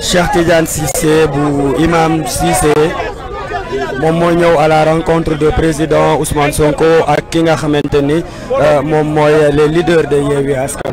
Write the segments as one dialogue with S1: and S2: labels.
S1: Cheikh Tidiane Sissé, bu Imam Sissé, mon moyen à la rencontre du président Ousmane Sonko à ki nga Tene, euh, mon moyen, les leaders de Yévi Askan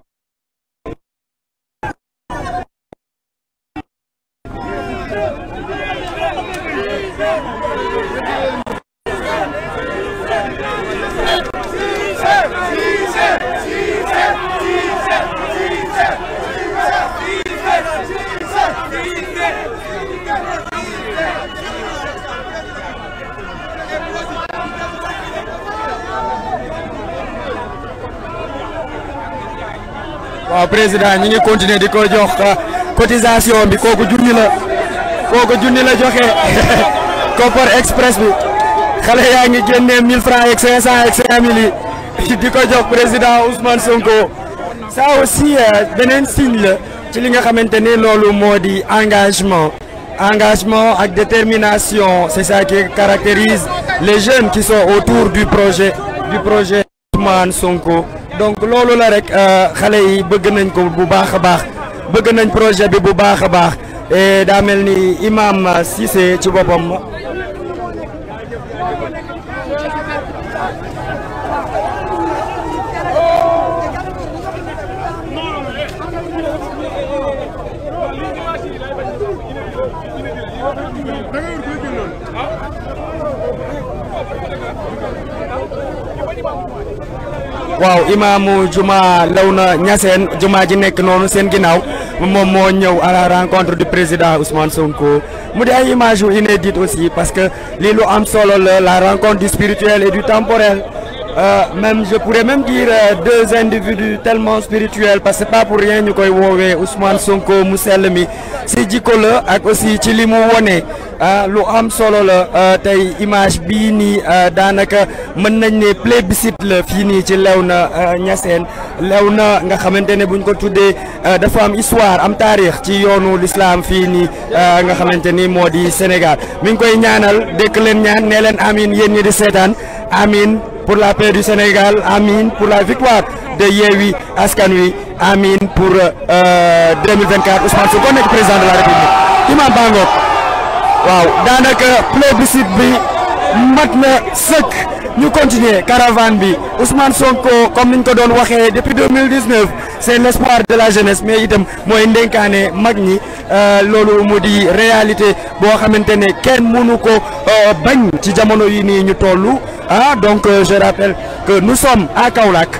S1: président ñi ngi continuer di ah, cotisation bi la la Express bi francs président Ousmane Sonko ça aussi un euh, signe ci li nga engagement engagement avec détermination c'est ça qui caractérise les jeunes qui sont autour du projet du projet Ousmane Sonko. donc loolu la rek euh, xale yi bëgg nañ ko bu baax baax bëgg nañ projet bi bu baax baax daa mel ni imam sise ci boppam Wow, imaamu juma Léona Niassène juma ji nekk noonu seen ginnaaw à la rencontre du président Ousmane Sonko mu di ay image inédite aussi parce que lii lu am solo la rencontre du spirituel et du temporel euh, même je pourrais même dire euh, deux individus tellement spirituels parce que pas pour rien nous avons Ousmane Sonko Mousselmi, aussi euh, solo image qui danaka, plébiscite le qui Léona qui Léona nga buñ ko dafa am histoire am l'islam fini nga Sénégal mi ñaanal leen amin ñi di amin pour la paix du Sénégal Amin. pour la victoire de Yewi Askanui, Amin pour 2024 euh, euh, Ousmane Sonko le président de la République imam Bango waaw daanaka plébiscite maintenant mat nous continuons caravane bi Ousmane Sonko comme nous l'avons dit depuis 2019 c'est l'espoir de la jeunesse mais il mooy ndenkaane mag magni, euh, loolu mu réalité Bo xamante ne kenn mënu ko euh, bañ ci ah, donc euh, je rappelle que nous sommes à Kaolack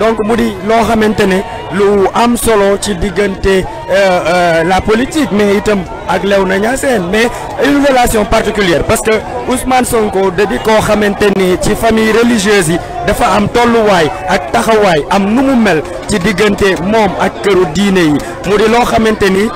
S1: donc Moudi l'on a maintenu le lu am solo qui digante euh, euh, la politique mais itam ak a mais une relation particulière parce que Ousmane Sonko da di koo xamante ni ci famille religieuse yi dafa am tolluwaay ak taxawaay am nu mel ci ak yi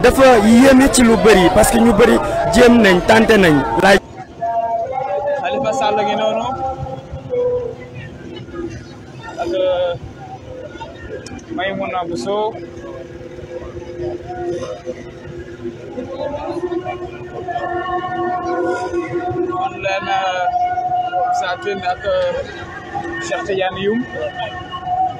S1: dafa yéeme ci lu bëri parce que ñu bëri jéem nañ tànte nañ laaj Khalifa Sall ngi noonu ak euh, Maimouna Bousso on leen euh, saa ak euh, Cheikh Tidiane Youm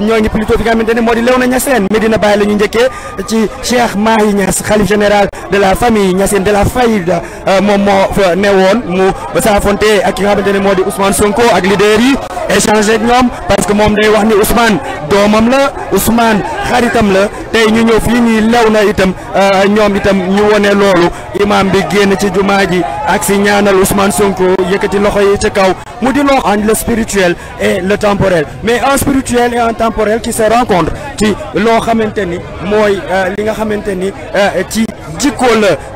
S1: ñoo ngi plutôt fi nga xamante ne moo di Léona Niassène Medina Baye la ñu njëkkee ci Cheikh Mahi Niass xalif général de la famille Niassène de la Fayda euh, moom moo fa newoon mu saafonte ak ki nga xamante moo di Ousmane Sonko ak leader yi échanger ak ñoom parce que moom day wax ni Ousmane doomam la Ousmane xaritam la tey ñu ñëw fii ñuy na itam euh, ñoom itam ñu wone loolu imam bi génn ci jumaa ji ak si ñaanal Ousmane Sonko yëkkati loxo yi ci kaw mu di loo en le spirituel temporel qui se rencontre qui l'ont xamanteni ni moi euh, li nga xamanteni euh, ci jikko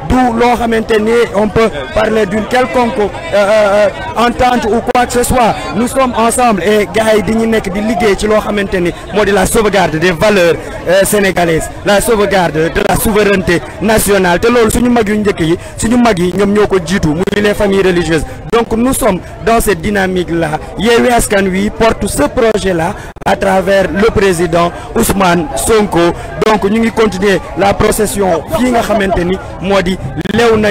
S1: du lo xamanteni on peut parler d'une quelconque euh, entente ou quoi que ce soit nous sommes ensemble et gars yi de nek di liggéey ci lo xamanteni modi la sauvegarde des valeurs sénégalaises la sauvegarde de la souveraineté nationale té lool suñu mag yu njëkk yi suñu mag yi les familles religieuses donc nous sommes dans cette dynamique là ce Askan Wi porte ce projet là à travers le président Ousmane Sonko donc nous continuons la procession fii nga xamante Moi moo di Léona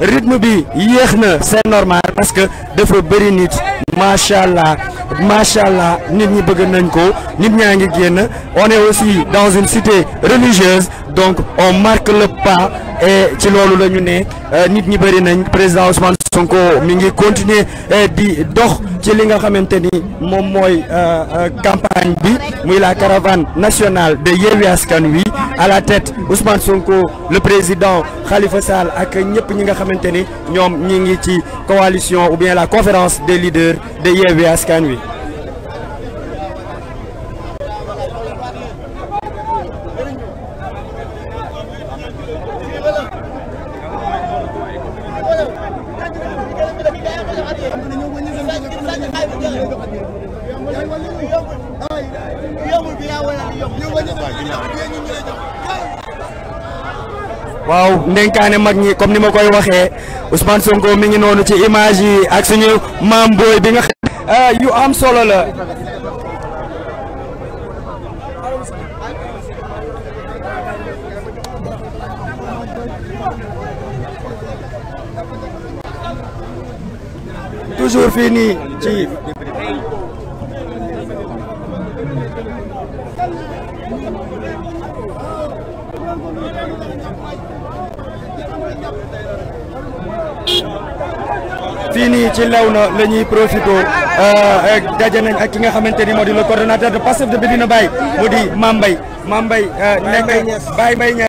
S1: rythme bi c'est normal parce que de bëri nit Mashallah, nous macha ni nit ñi bëgg on est aussi dans une cité religieuse donc on marque le pas et ci loolu le nous sommes. nit président Ousmane Sonko mingi eh, euh, euh, campagne bi la caravane nationale de Askan à la tête Ousmane Sonko le président Khalifa Sall ak ñi nga coalition ou bien la conférence des leaders de waaw ndenkaane mag ñi comme ni ma koy waxee Ousmane Sonko mi ngi noonu ci image yi ak suñu maam booy bi nga xam solo la fini ci lawna lañuy profiter euh eh, ak dajé nañ ak ki nga xamanteni modi le coordinateur de passe de Medina Baye modi Mambay Mambay eh, nek Baye Baye